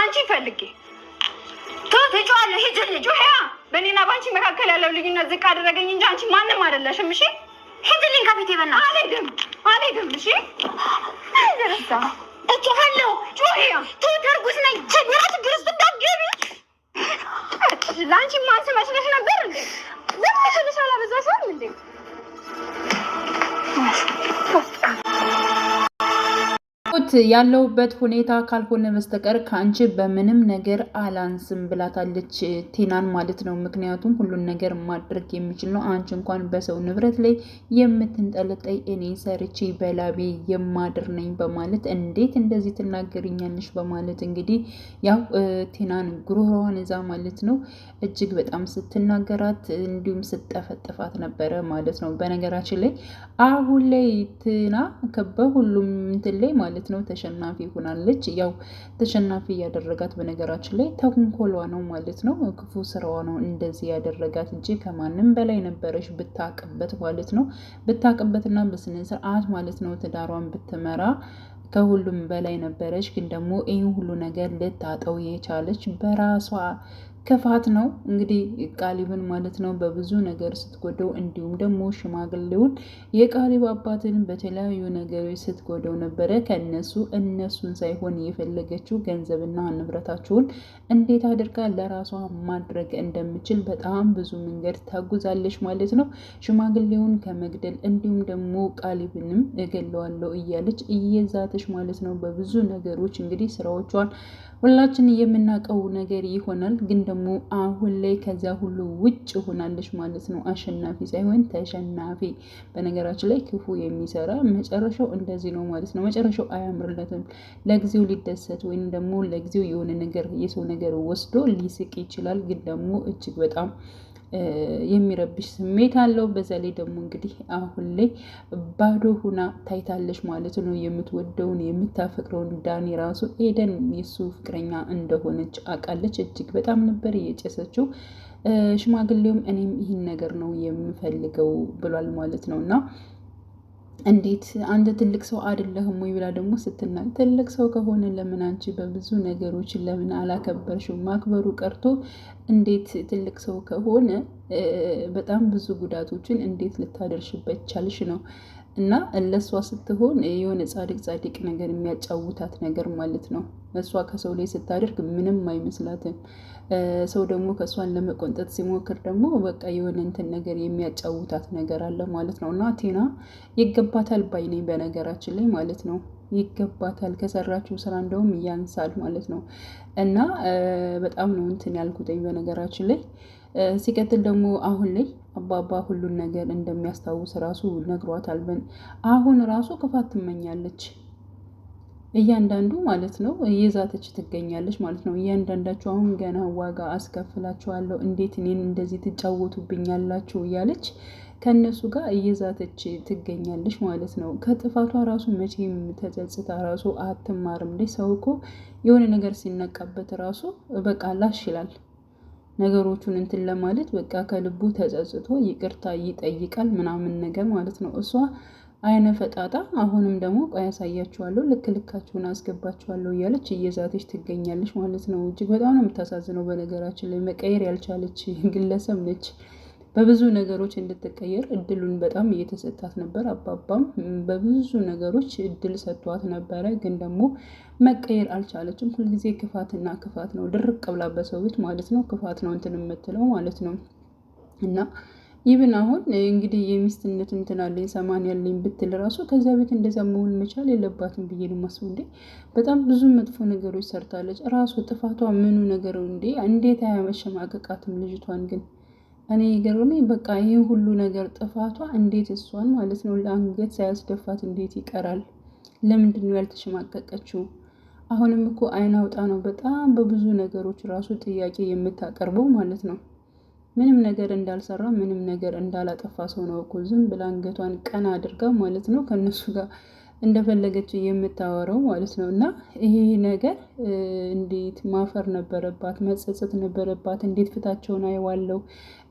አንቺ ፈልጌ ትጫዋለሁ ሂጅ ልጅ ያ በእኔና በአንቺ መካከል ያለው ልዩነት ዝቅ አደረገኝ እንጂ አንቺ ማንም አይደለሽም። እሺ ሂድልኝ ከፊቴ በእናትሽ። አልሄድም አልሄድም። እሺ ደረሳ እጮሃለሁ ጆሪያ ትውት እርጉዝ ነኝ ጀግራት ድረስ ብታገቢ ለአንቺ ማንስ መስለሽ ነበር እንዴ? ለምን ትልሽ አላበዛ ሰውም እንዴ ት ያለውበት ሁኔታ ካልሆነ በስተቀር ከአንቺ በምንም ነገር አላንስም ብላታለች ቲናን ማለት ነው። ምክንያቱም ሁሉን ነገር ማድረግ የሚችል ነው። አንቺ እንኳን በሰው ንብረት ላይ የምትንጠለጠይ እኔ ሰርቼ በላቤ የማድር ነኝ በማለት እንዴት እንደዚህ ትናገርኛለሽ? በማለት እንግዲህ ያው ቲናን ጉሮሯን እዛ ማለት ነው እጅግ በጣም ስትናገራት እንዲሁም ስጠፈጥፋት ነበረ ማለት ነው። በነገራችን ላይ አሁን ላይ ቲና በሁሉም እንትን ላይ ማለት ማለት ነው ተሸናፊ ሆናለች። ያው ተሸናፊ ያደረጋት በነገራችን ላይ ተንኮሏ ነው ማለት ነው፣ ክፉ ስራዋ ነው እንደዚህ ያደረጋት እንጂ ከማንም በላይ ነበረች ብታቅበት ማለት ነው። ብታቅበትና በስነ ስርዓት ማለት ነው ትዳሯን ብትመራ ከሁሉም በላይ ነበረች። ግን ደግሞ ይህ ሁሉ ነገር ልታጠው የቻለች በራሷ ክፋት ነው እንግዲህ ቃሊብን ማለት ነው በብዙ ነገር ስትጎደው፣ እንዲሁም ደግሞ ሽማግሌውን የቃሊብ አባትን በተለያዩ ነገሮች ስትጎደው ነበረ። ከነሱ እነሱን ሳይሆን የፈለገችው ገንዘብና ንብረታቸውን እንዴት አድርጋ ለራሷ ማድረግ እንደምችል በጣም ብዙ መንገድ ታጉዛለች ማለት ነው። ሽማግሌውን ከመግደል እንዲሁም ደግሞ ቃሊብንም እገለዋለሁ እያለች እየዛተች ማለት ነው በብዙ ነገሮች እንግዲህ ስራዎቿን ሁላችን የምናውቀው ነገር ይሆናል። ግን ደግሞ አሁን ላይ ከዚያ ሁሉ ውጭ ሆናለች ማለት ነው። አሸናፊ ሳይሆን ተሸናፊ። በነገራችን ላይ ክፉ የሚሰራ መጨረሻው እንደዚህ ነው ማለት ነው። መጨረሻው አያምርለትም። ለጊዜው ሊደሰት ወይም ደግሞ ለጊዜው የሆነ ነገር የሰው ነገር ወስዶ ሊስቅ ይችላል። ግን ደግሞ እጅግ በጣም የሚረብሽ ስሜት አለው። በዛ ላይ ደግሞ እንግዲህ አሁን ላይ ባዶ ሁና ታይታለች ማለት ነው። የምትወደውን የምታፈቅረውን ዳኒ ራሱ ኤደን የሱ ፍቅረኛ እንደሆነች አውቃለች። እጅግ በጣም ነበር የጨሰችው። ሽማግሌውም እኔም ይህን ነገር ነው የምፈልገው ብሏል ማለት ነው እና እንዴት አንተ ትልቅ ሰው አይደለህም ወይ ብላ ደግሞ ስትና ትልቅ ሰው ከሆነ ለምን አንቺ በብዙ ነገሮች ለምን አላከበርሽው? ማክበሩ ቀርቶ እንዴት ትልቅ ሰው ከሆነ በጣም ብዙ ጉዳቶችን እንዴት ልታደርሽበት ቻልሽ ነው እና እለሷ ስትሆን የሆነ ጻድቅ ጻድቅ ነገር የሚያጫውታት ነገር ማለት ነው። እሷ ከሰው ላይ ስታደርግ ምንም አይመስላትም። ሰው ደግሞ ከእሷን ለመቆንጠጥ ሲሞክር ደግሞ በቃ የሆነ እንትን ነገር የሚያጫውታት ነገር አለ ማለት ነው። እና ቴና ይገባታል ባይኔ በነገራችን ላይ ማለት ነው ይገባታል ከሰራችው ስራ እንደውም እያንሳል ማለት ነው። እና በጣም ነው እንትን ያልኩትኝ በነገራችን ላይ ሲቀጥል ደግሞ አሁን ላይ አባባ ሁሉን ነገር እንደሚያስታውስ ራሱ ነግሯታል። አሁን ራሱ ክፋት ትመኛለች እያንዳንዱ ማለት ነው የዛተች ትገኛለች ማለት ነው። እያንዳንዳችሁ አሁን ገና ዋጋ አስከፍላችኋለሁ፣ እንዴት እኔን እንደዚህ ትጫወቱብኛላችሁ እያለች ከእነሱ ጋር እየዛተች ትገኛለች ማለት ነው። ከጥፋቷ ራሱ መቼም ተጸጽታ ራሱ አትማርም። ልጅ ሰው እኮ የሆነ ነገር ሲነቃበት ራሱ በቃ ላሽ ይላል። ነገሮቹን እንትን ለማለት በቃ ከልቡ ተጸጽቶ ይቅርታ ይጠይቃል ምናምን ነገር ማለት ነው። እሷ አይነ ፈጣጣ አሁንም ደግሞ ቆይ ያሳያችኋለሁ፣ ልክ ልካችሁን አስገባችኋለሁ እያለች እየዛተች ትገኛለች ማለት ነው። እጅግ በጣም ነው የምታሳዝነው። በነገራችን ላይ መቀየር ያልቻለች ግለሰብ ነች። በብዙ ነገሮች እንድትቀየር እድሉን በጣም እየተሰጣት ነበር። አባባም በብዙ ነገሮች እድል ሰጥቷት ነበረ፣ ግን ደግሞ መቀየር አልቻለችም። ሁልጊዜ ክፋትና ክፋት ነው፣ ድርቅ ብላ ሰው ቤት ማለት ነው። ክፋት ነው እንትን የምትለው ማለት ነው እና ይብን አሁን እንግዲህ የሚስትነት እንትናለኝ አለኝ ሰማን ያለኝ ብትል ራሱ ከዚያ ቤት እንደዛ መሆን መቻል የለባትም ብዬ ነው እንዴ በጣም ብዙ መጥፎ ነገሮች ሰርታለች። ራሱ ጥፋቷ ምኑ ነገር እንዴ እንዴት አያመሸማቀቃትም ልጅቷን ግን እኔ ገርሜ በቃ ይህ ሁሉ ነገር ጥፋቷ እንዴት እሷን ማለት ነው ለአንገት ሳያስደፋት እንዴት ይቀራል? ለምንድን ነው ያልተሸማቀቀችው? አሁንም እኮ አይን አውጣ ነው በጣም በብዙ ነገሮች ራሱ ጥያቄ የምታቀርበው ማለት ነው። ምንም ነገር እንዳልሰራ ምንም ነገር እንዳላጠፋ ሰው ነው እኮ ዝም ብላ አንገቷን ቀና አድርጋ ማለት ነው ከእነሱ ጋር እንደፈለገችው የምታወረው ማለት ነው። እና ይሄ ነገር እንዴት ማፈር ነበረባት፣ መጸጸት ነበረባት። እንዴት ፍታቸውን አይዋለው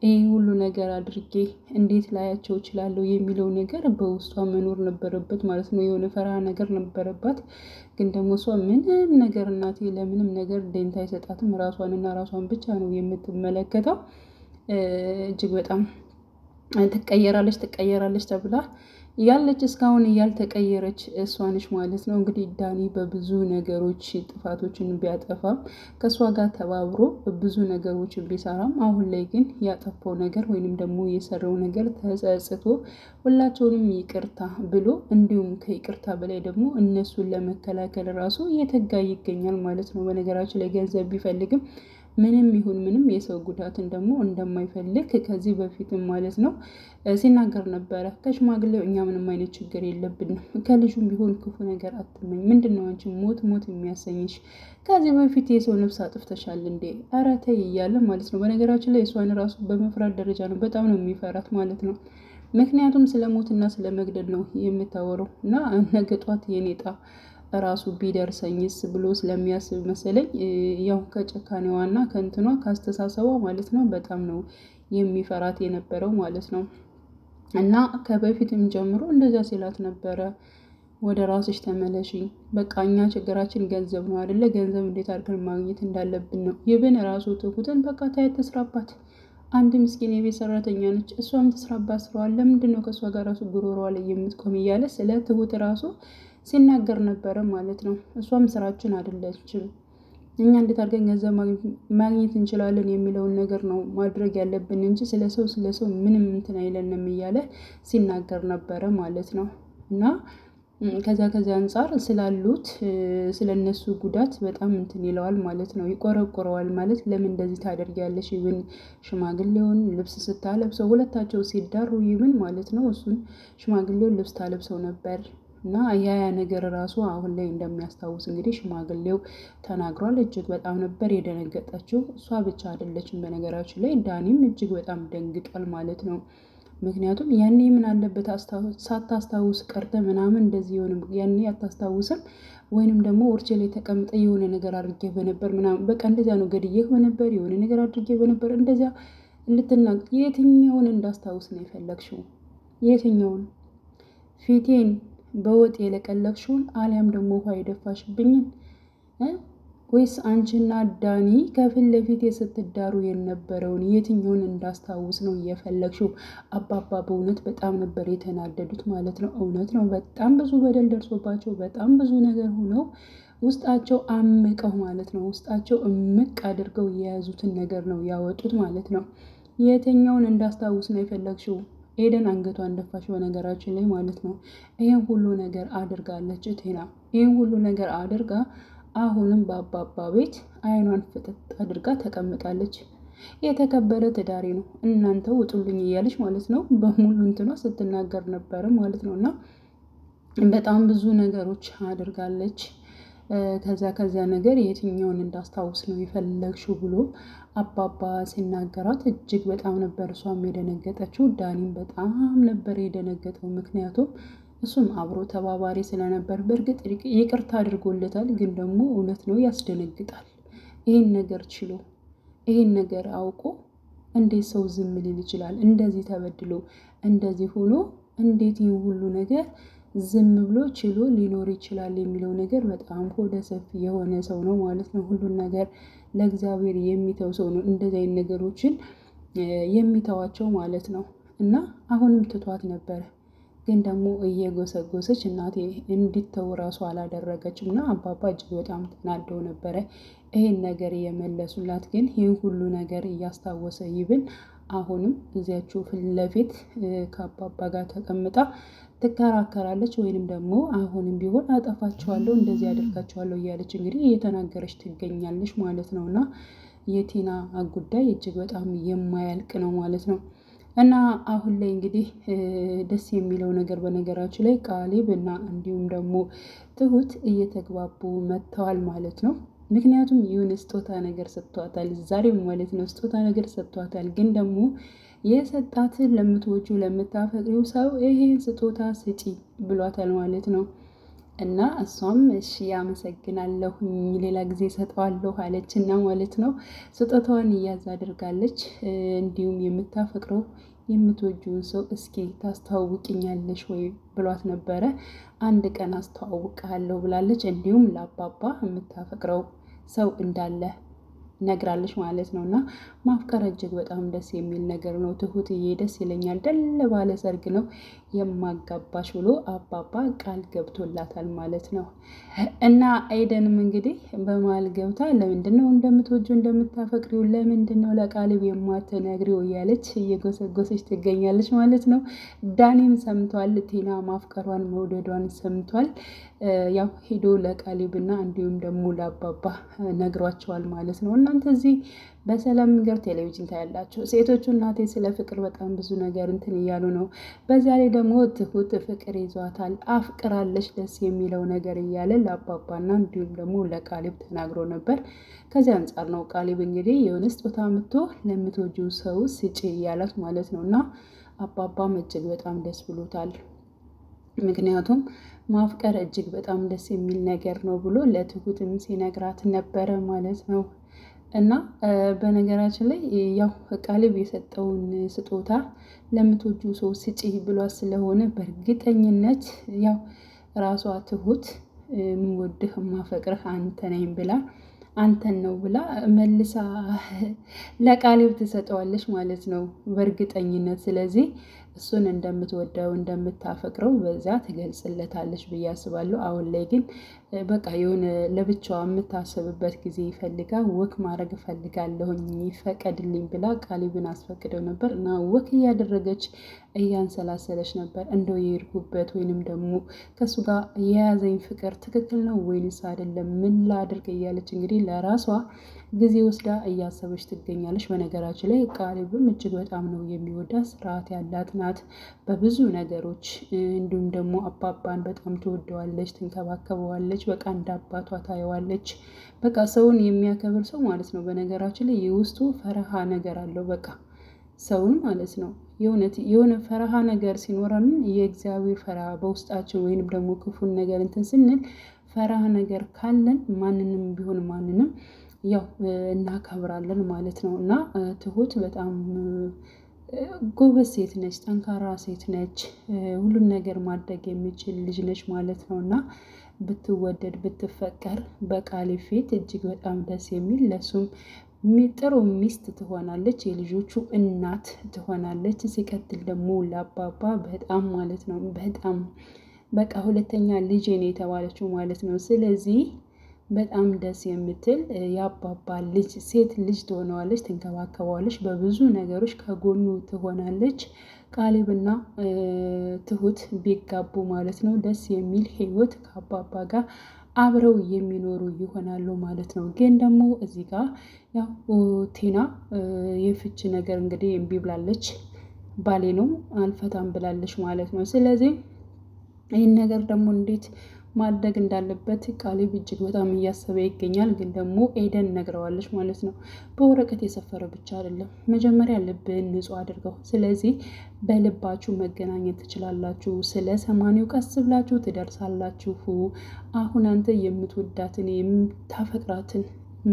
ይህ ሁሉ ነገር አድርጌ እንዴት ላያቸው እችላለሁ የሚለው ነገር በውስጧ መኖር ነበረበት ማለት ነው። የሆነ ፈርሃ ነገር ነበረባት። ግን ደግሞ እሷ ምንም ነገር እናቴ ለምንም ነገር ደንታ አይሰጣትም። እና ራሷን ብቻ ነው የምትመለከተው። እጅግ በጣም ትቀየራለች ትቀየራለች ተብላ ያለች እስካሁን እያልተቀየረች እሷነች ማለት ነው። እንግዲህ ዳኒ በብዙ ነገሮች ጥፋቶችን ቢያጠፋም ከእሷ ጋር ተባብሮ ብዙ ነገሮችን ቢሰራም አሁን ላይ ግን ያጠፋው ነገር ወይንም ደግሞ የሰራው ነገር ተጸጽቶ ሁላቸውንም ይቅርታ ብሎ እንዲሁም ከይቅርታ በላይ ደግሞ እነሱን ለመከላከል ራሱ እየተጋ ይገኛል ማለት ነው። በነገራችን ላይ ገንዘብ ቢፈልግም ምንም ይሁን ምንም የሰው ጉዳትን ደግሞ እንደማይፈልግ ከዚህ በፊትም ማለት ነው ሲናገር ነበረ። ከሽማግሌው እኛ ምንም አይነት ችግር የለብንም፣ ከልጁም ቢሆን ክፉ ነገር አትመኝ። ምንድን ነው አንቺ ሞት ሞት የሚያሰኝሽ? ከዚህ በፊት የሰው ነፍስ አጥፍተሻል እንዴ? ኧረ ተይ እያለ ማለት ነው። በነገራችን ላይ እሷን ራሱ በመፍራት ደረጃ ነው፣ በጣም ነው የሚፈራት ማለት ነው። ምክንያቱም ስለ ሞትና ስለ መግደል ነው የምታወረው እና ነገ ጧት የኔጣ ራሱ ቢደርሰኝስ ብሎ ስለሚያስብ መሰለኝ ያው ከጨካኔዋና ከንትኗ ካስተሳሰቧ ማለት ነው በጣም ነው የሚፈራት የነበረው ማለት ነው። እና ከበፊትም ጀምሮ እንደዚያ ሲላት ነበረ። ወደ ራስሽ ተመለሺ፣ በቃ እኛ ችግራችን ገንዘብ ነው አደለ? ገንዘብ እንዴት አድርገን ማግኘት እንዳለብን ነው። ይብን ራሱ ትሁትን በቃ ታየት ተስራባት አንድ ምስኪን የቤት ሰራተኛ ነች፣ እሷም ትስራባት ስራዋን። ለምንድን ነው ከእሷ ጋር ራሱ ጉሮሯ ላይ የምትቆም? እያለ ስለ ትሁት ራሱ ሲናገር ነበረ ማለት ነው። እሷም ስራችን አይደለችም እኛ እንዴት አድርገን ገንዘብ ማግኘት እንችላለን የሚለውን ነገር ነው ማድረግ ያለብን እንጂ ስለ ሰው ስለ ሰው ምንም እንትን አይለንም እያለ ሲናገር ነበረ ማለት ነው። እና ከዛ ከዚያ አንጻር ስላሉት ስለ እነሱ ጉዳት በጣም እንትን ይለዋል ማለት ነው። ይቆረቁረዋል ማለት ለምን እንደዚህ ታደርጊያለሽ? ይብን ሽማግሌውን ልብስ ስታለብሰው ሁለታቸው ሲዳሩ ይብን ማለት ነው። እሱን ሽማግሌውን ልብስ ታለብሰው ነበር እና ያ ያ ነገር ራሱ አሁን ላይ እንደሚያስታውስ እንግዲህ ሽማግሌው ተናግሯል። እጅግ በጣም ነበር የደነገጠችው። እሷ ብቻ አይደለችም። በነገራችን ላይ ዳኒም እጅግ በጣም ደንግጧል ማለት ነው። ምክንያቱም ያኔ ምን አለበት ሳታስታውስ ቀርተ ምናምን እንደዚህ የሆንም ያኔ አታስታውስም፣ ወይንም ደግሞ ውርቼ ላይ ተቀምጠ የሆነ ነገር አድርጌ በነበር ምናምን በቃ እንደዚያ ነው ገድዬህ በነበር የሆነ ነገር አድርጌ በነበር እንደዚያ ልትናገር የትኛውን እንዳስታውስ ነው የፈለግሽው? የትኛውን ፊቴን በወጥ የለቀለቅሽውን አሊያም ደግሞ ውሃ የደፋሽብኝን ወይስ አንቺና ዳኒ ከፊት ለፊት ስትዳሩ የነበረውን የትኛውን እንዳስታውስ ነው እየፈለግሽው? አባባ በእውነት በጣም ነበር የተናደዱት ማለት ነው። እውነት ነው፣ በጣም ብዙ በደል ደርሶባቸው በጣም ብዙ ነገር ሆነው ውስጣቸው አምቀው ማለት ነው፣ ውስጣቸው እምቅ አድርገው የያዙትን ነገር ነው ያወጡት ማለት ነው። የትኛውን እንዳስታውስ ነው የፈለግሽው? ኤደን አንገቷን ደፋች፣ በነገራችን ላይ ማለት ነው። ይህን ሁሉ ነገር አድርጋለች ቴና። ይህን ሁሉ ነገር አድርጋ አሁንም በአባባ ቤት አይኗን ፍጥጥ አድርጋ ተቀምጣለች። የተከበረ ትዳሬ ነው እናንተ ውጡልኝ እያለች ማለት ነው በሙሉ እንትኗ ስትናገር ነበርም ማለት ነው እና በጣም ብዙ ነገሮች አድርጋለች። ከዛ ከዛ ነገር የትኛውን እንዳስታውስ ነው የፈለግሽው ብሎ አባባ ሲናገራት እጅግ በጣም ነበር እሷም የደነገጠችው። ዳኒም በጣም ነበር የደነገጠው። ምክንያቱም እሱም አብሮ ተባባሪ ስለነበር በእርግጥ ይቅርታ አድርጎለታል፣ ግን ደግሞ እውነት ነው ያስደነግጣል። ይህን ነገር ችሎ ይህን ነገር አውቆ እንዴት ሰው ዝም ሊል ይችላል? እንደዚህ ተበድሎ እንደዚህ ሆኖ እንዴት ይህ ሁሉ ነገር ዝም ብሎ ችሎ ሊኖር ይችላል የሚለው ነገር በጣም ሆደ ሰፊ የሆነ ሰው ነው ማለት ነው። ሁሉን ነገር ለእግዚአብሔር የሚተው ሰው ነው እንደዚህ አይነት ነገሮችን የሚተዋቸው ማለት ነው። እና አሁንም ትቷት ነበረ ግን ደግሞ እየጎሰጎሰች እናቴ እንዲተው ራሱ አላደረገችም እና አባባ እጅግ በጣም ተናደው ነበረ። ይህን ነገር የመለሱላት ግን ይህን ሁሉ ነገር እያስታወሰ ይብል አሁንም እዚያችሁ ፊት ለፊት ከአባባ ጋር ተቀምጣ ትከራከራለች። ወይንም ደግሞ አሁንም ቢሆን አጠፋቸዋለሁ እንደዚህ ያደርጋቸዋለሁ እያለች እንግዲህ እየተናገረች ትገኛለች ማለት ነው። እና የቲና ጉዳይ እጅግ በጣም የማያልቅ ነው ማለት ነው። እና አሁን ላይ እንግዲህ ደስ የሚለው ነገር በነገራችሁ ላይ ቃሊብ እና እንዲሁም ደግሞ ትሁት እየተግባቡ መጥተዋል ማለት ነው። ምክንያቱም ይሁን ስጦታ ነገር ሰጥቷታል፣ ዛሬም ማለት ነው ስጦታ ነገር ሰጥቷታል። ግን ደግሞ የሰጣትን ለምትወጁ ለምታፈቅሪው ሰው ይሄን ስጦታ ስጪ ብሏታል ማለት ነው። እና እሷም እሺ ያመሰግናለሁ፣ ሌላ ጊዜ ሰጠዋለሁ አለች እና ማለት ነው ስጦታዋን እያዝ አድርጋለች። እንዲሁም የምታፈቅረው የምትወጂውን ሰው እስኪ ታስተዋውቅኛለሽ ወይ ብሏት ነበረ። አንድ ቀን አስተዋውቅሃለሁ ብላለች። እንዲሁም ለአባባ የምታፈቅረው ሰው እንዳለ ነግራለች ማለት ነው። እና ማፍቀር እጅግ በጣም ደስ የሚል ነገር ነው ትሁትዬ፣ ደስ ይለኛል። ደል ባለ ሰርግ ነው የማጋባሽ ብሎ አባባ ቃል ገብቶላታል ማለት ነው። እና ኤደንም እንግዲህ በመሀል ገብታ ለምንድን ነው እንደምትወጁ እንደምታፈቅሪው ለምንድን ነው ለቃልብ የማትነግሪው እያለች እየጎሰጎሰች ትገኛለች ማለት ነው። ዳኒም ሰምቷል፣ ቲና ማፍቀሯን መውደዷን ሰምቷል። ያው ሄዶ ለቃሊብና እንዲሁም ደግሞ ለአባባ ነግሯቸዋል ማለት ነው። እናንተ እዚህ በሰላም መንገድ ቴሌቪዥን ታያላችሁ። ሴቶቹ እናቴ ስለ ፍቅር በጣም ብዙ ነገር እንትን እያሉ ነው። በዛ ላይ ደግሞ ትሁት ፍቅር ይዟታል፣ አፍቅራለች፣ ደስ የሚለው ነገር እያለ ለአባባና እንዲሁም ደግሞ ለቃሊብ ተናግሮ ነበር። ከዚህ አንጻር ነው ቃሊብ እንግዲህ የሆነ ስጦታ ምቶ ለምትወጂው ሰው ስጪ እያላት ማለት ነው። እና አባባም እጅግ በጣም ደስ ብሎታል። ምክንያቱም ማፍቀር እጅግ በጣም ደስ የሚል ነገር ነው ብሎ ለትሁትም ሲነግራት ነበረ ማለት ነው። እና በነገራችን ላይ ያው ቃሊብ የሰጠውን ስጦታ ለምትወጁ ሰው ስጪ ብሏት ስለሆነ በእርግጠኝነት ያው ራሷ ትሁት ምወድህ ማፈቅርህ አንተ ነኝ ብላ አንተን ነው ብላ መልሳ ለቃሊብ ትሰጠዋለች ማለት ነው በእርግጠኝነት። ስለዚህ እሱን እንደምትወደው እንደምታፈቅረው በዛ ትገልጽለታለች ብዬ አስባለሁ። አሁን ላይ ግን በቃ የሆነ ለብቻዋ የምታስብበት ጊዜ ይፈልጋ ወክ ማድረግ እፈልጋለሁኝ ይፈቀድልኝ ብላ ቃሊብን አስፈቅደው ነበር እና ወክ እያደረገች እያንሰላሰለች ነበር። እንደው የሄድኩበት ወይንም ደግሞ ከእሱ ጋር የያዘኝ ፍቅር ትክክል ነው ወይንስ አይደለም? ምን ላድርግ እያለች እንግዲህ ለራሷ ጊዜ ወስዳ እያሰበች ትገኛለች። በነገራችን ላይ ቃሊብም እጅግ በጣም ነው የሚወዳት፣ ስርዓት ያላት ናት በብዙ ነገሮች። እንዲሁም ደግሞ አባባን በጣም ትወደዋለች፣ ትንከባከበዋለች። በቃ እንደ አባቷ ታየዋለች። በቃ ሰውን የሚያከብር ሰው ማለት ነው። በነገራችን ላይ የውስጡ ፈረሃ ነገር አለው። በቃ ሰውን ማለት ነው የእውነት የሆነ ፈረሃ ነገር ሲኖረን የእግዚአብሔር ፈረሃ በውስጣችን ወይንም ደግሞ ክፉን ነገር እንትን ስንል ፈረሃ ነገር ካለን ማንንም ቢሆን ማንንም ያው እናከብራለን ማለት ነው። እና ትሁት በጣም ጎበዝ ሴት ነች፣ ጠንካራ ሴት ነች፣ ሁሉን ነገር ማድረግ የሚችል ልጅ ነች ማለት ነው። እና ብትወደድ ብትፈቀር በቃሌ ፊት እጅግ በጣም ደስ የሚል ለሱም ጥሩ ሚስት ትሆናለች፣ የልጆቹ እናት ትሆናለች። ሲቀጥል ደግሞ ለአባባ በጣም ማለት ነው በጣም በቃ ሁለተኛ ልጄ ነው የተባለችው ማለት ነው። ስለዚህ በጣም ደስ የምትል የአባባ ልጅ ሴት ልጅ ትሆነዋለች፣ ትንከባከበዋለች፣ በብዙ ነገሮች ከጎኑ ትሆናለች። ቃሊብና ትሁት ቢጋቡ ማለት ነው ደስ የሚል ህይወት ከአባባ ጋር አብረው የሚኖሩ ይሆናሉ ማለት ነው። ግን ደግሞ እዚህ ጋር ያው የፍች ነገር እንግዲህ እምቢ ብላለች። ባሌ ነው አልፈታም ብላለች ማለት ነው። ስለዚህ ይህን ነገር ደግሞ እንዴት ማድረግ እንዳለበት ቃሊብ እጅግ በጣም እያሰበ ይገኛል። ግን ደግሞ ኤደን ነግረዋለች ማለት ነው። በወረቀት የሰፈረ ብቻ አይደለም፣ መጀመሪያ ልብን ንጹህ አድርገው። ስለዚህ በልባችሁ መገናኘት ትችላላችሁ፣ ስለ ሰማኒው ቀስ ብላችሁ ትደርሳላችሁ። አሁን አንተ የምትወዳትን የምታፈቅራትን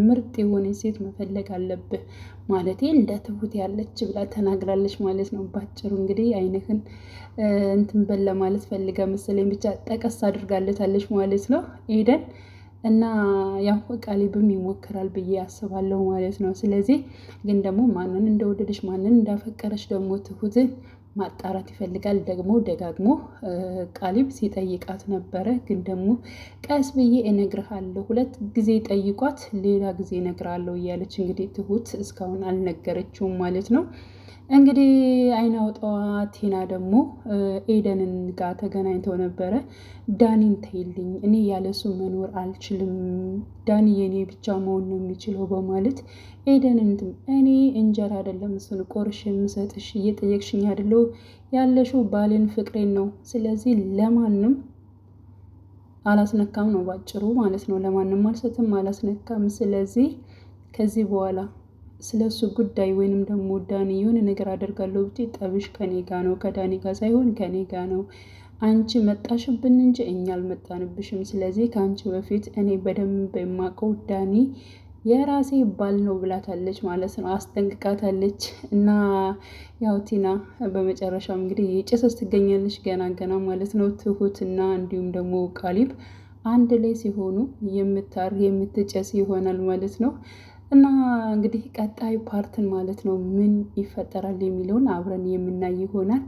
ምርጥ የሆነ ሴት መፈለግ አለብህ ማለት እንደ ትሁት ያለች ብላ ተናግራለች ማለት ነው። ባጭሩ እንግዲህ አይንህን እንትን በል ለማለት ፈልገ መሰለኝ ብቻ ጠቀስ አድርጋለታለች ማለት ነው ኤደን እና ያው ቃሊብም ይሞክራል ብዬ አስባለሁ ማለት ነው። ስለዚህ ግን ደግሞ ማንን እንደወደደች ማንን እንዳፈቀረች ደግሞ ትሁትን ማጣራት ይፈልጋል። ደግሞ ደጋግሞ ቃሊብ ሲጠይቃት ነበረ። ግን ደግሞ ቀስ ብዬ እነግርሃለሁ፣ ሁለት ጊዜ ጠይቋት፣ ሌላ ጊዜ እነግርሃለሁ እያለች እንግዲህ ትሁት እስካሁን አልነገረችውም ማለት ነው። እንግዲህ አይናውጣዋ ቲና ደግሞ ኤደንን ጋር ተገናኝተው ነበረ። ዳኒን ተይልኝ፣ እኔ ያለሱ መኖር አልችልም፣ ዳኒ የኔ ብቻ መሆን ነው የሚችለው በማለት ኤደንን እኔ እንጀራ አይደለም ስል ቆርሽ የምሰጥሽ እየጠየቅሽኝ አይደለው ያለሽው ባሌን ፍቅሬን ነው። ስለዚህ ለማንም አላስነካም ነው ባጭሩ ማለት ነው። ለማንም አልሰጥም፣ አላስነካም። ስለዚህ ከዚህ በኋላ ስለ እሱ ጉዳይ ወይንም ደግሞ ዳኒ የሆነ ነገር አደርጋለሁ ብ ጠብሽ ከኔ ጋ ነው፣ ከዳኒ ጋ ሳይሆን ከኔ ጋ ነው። አንቺ መጣሽብን እንጂ እኛ አልመጣንብሽም። ስለዚህ ከአንቺ በፊት እኔ በደንብ የማውቀው ዳኒ የራሴ ባል ነው ብላታለች ማለት ነው። አስጠንቅቃታለች። እና ያው ቲና በመጨረሻም እንግዲህ የጭሰስ ትገኛለች ገና ገና ማለት ነው። ትሁት እና እንዲሁም ደግሞ ቃሊብ አንድ ላይ ሲሆኑ የምታር የምትጨስ ይሆናል ማለት ነው። እና እንግዲህ ቀጣይ ፓርትን ማለት ነው ምን ይፈጠራል የሚለውን አብረን የምናይ ይሆናል።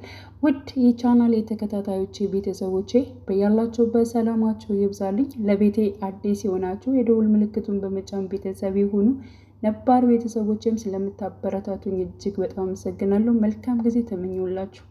ውድ የቻናል የተከታታዮች ቤተሰቦቼ በያላችሁበት ሰላማቸው ይብዛልኝ። ለቤቴ አዲስ የሆናችሁ የደውል ምልክቱን በመጫን ቤተሰብ የሆኑ ነባር ቤተሰቦችም ስለምታበረታቱኝ እጅግ በጣም አመሰግናለሁ። መልካም ጊዜ ተመኘውላችሁ።